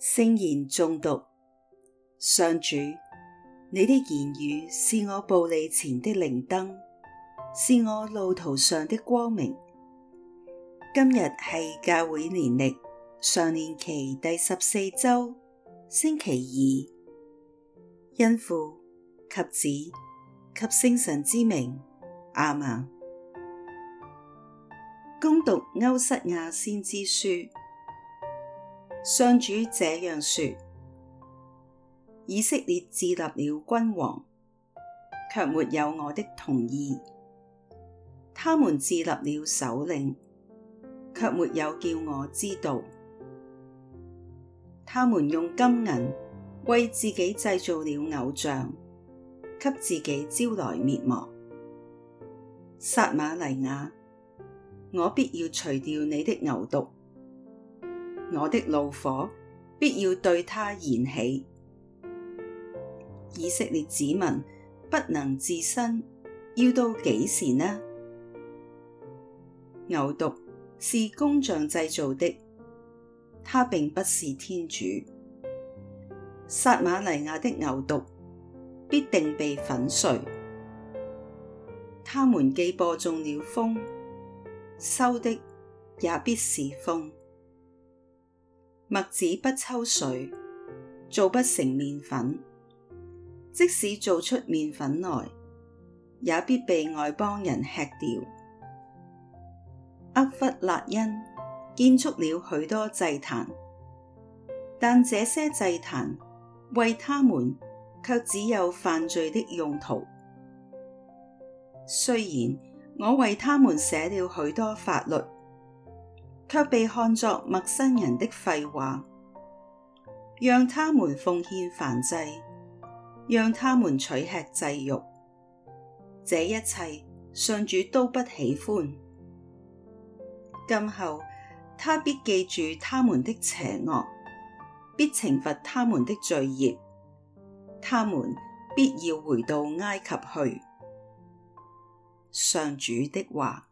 聖言誦讀。上主，你的言語是我步履前的靈燈，是我路途上的光明。今日係教會年曆常年期第十四周星期二，因父及子及聖神之名，阿門，恭讀歐瑟亞先知書。上主這樣說：以色列自立了君王，卻沒有我的同意；他們自立了首領，卻沒有叫我知道。他們用金銀為自己製造了偶像，給自己招來滅亡。撒瑪黎亞，我必要除掉你的牛犢。我的怒火必要對他燃起。以色列子民不能自新，要到幾時呢？牛犢是工匠製造的，他並不是天主。撒瑪黎雅的牛犢必定被粉碎。他們既播種了風，收的也必是風。麥子不抽穗，做不成麵粉；即使做出麵粉來，也必被外邦人吃掉。厄弗辣因建築了許多祭壇，但這些祭壇為他們卻只有犯罪的用途。雖然我為他們寫了許多法律。卻被看作陌生人的廢話，讓他們奉獻燔祭，讓他們取吃祭肉，這一切上主都不喜歡。今後他必記住他們的邪惡，必懲罰他們的罪孽。他們必要回到埃及去。上主的話。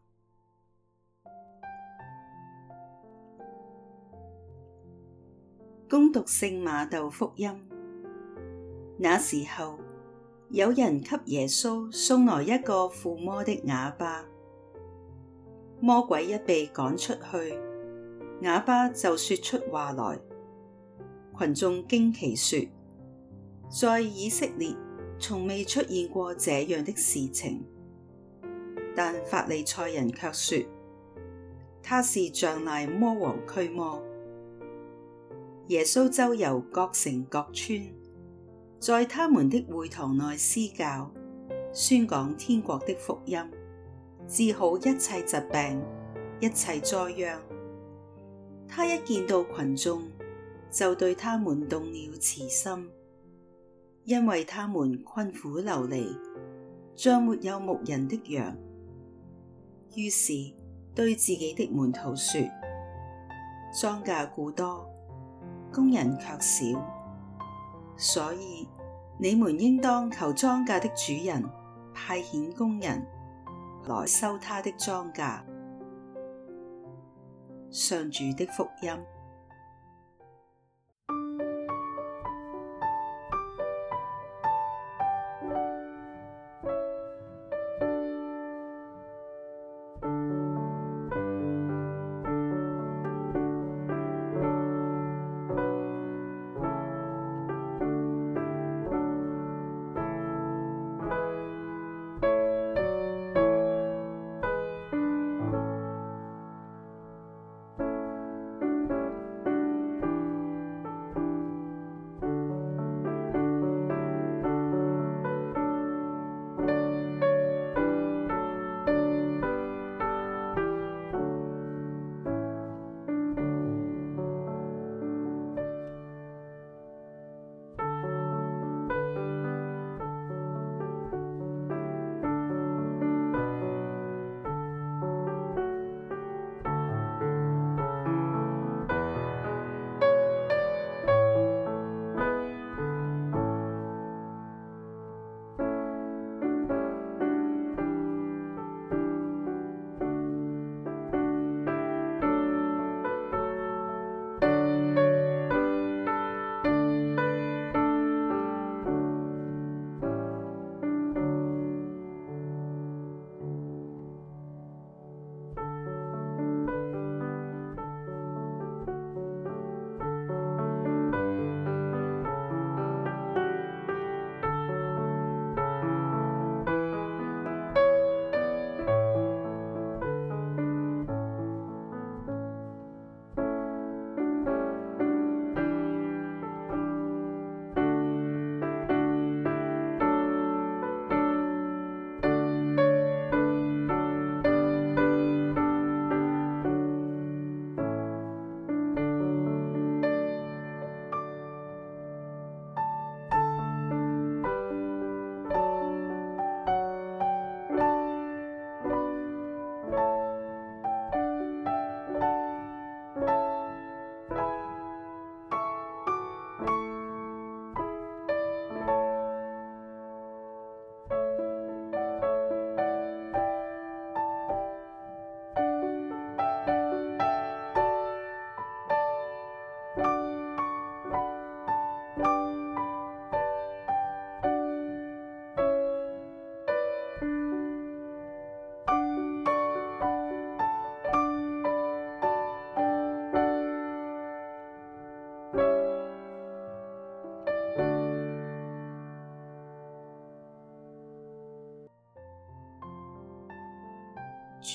恭讀聖瑪竇福音，那時候有人給耶穌送來一個附魔的啞巴，魔鬼一被趕出去，啞巴就說出話來。群眾驚奇說：在以色列從未出現過這樣的事情。但法利賽人卻說，他是仗賴魔王驅魔。耶穌周遊各城各村，在他們的會堂內施教，宣講天國的福音，治好一切疾病、一切災殃。他一見到群眾，就對他們動了慈心，因為他們困苦流離，像沒有牧人的羊。於是對自己的門徒說：莊稼固多，工人卻少，所以你們應當求莊稼的主人派遣工人來收他的莊稼。上主的福音。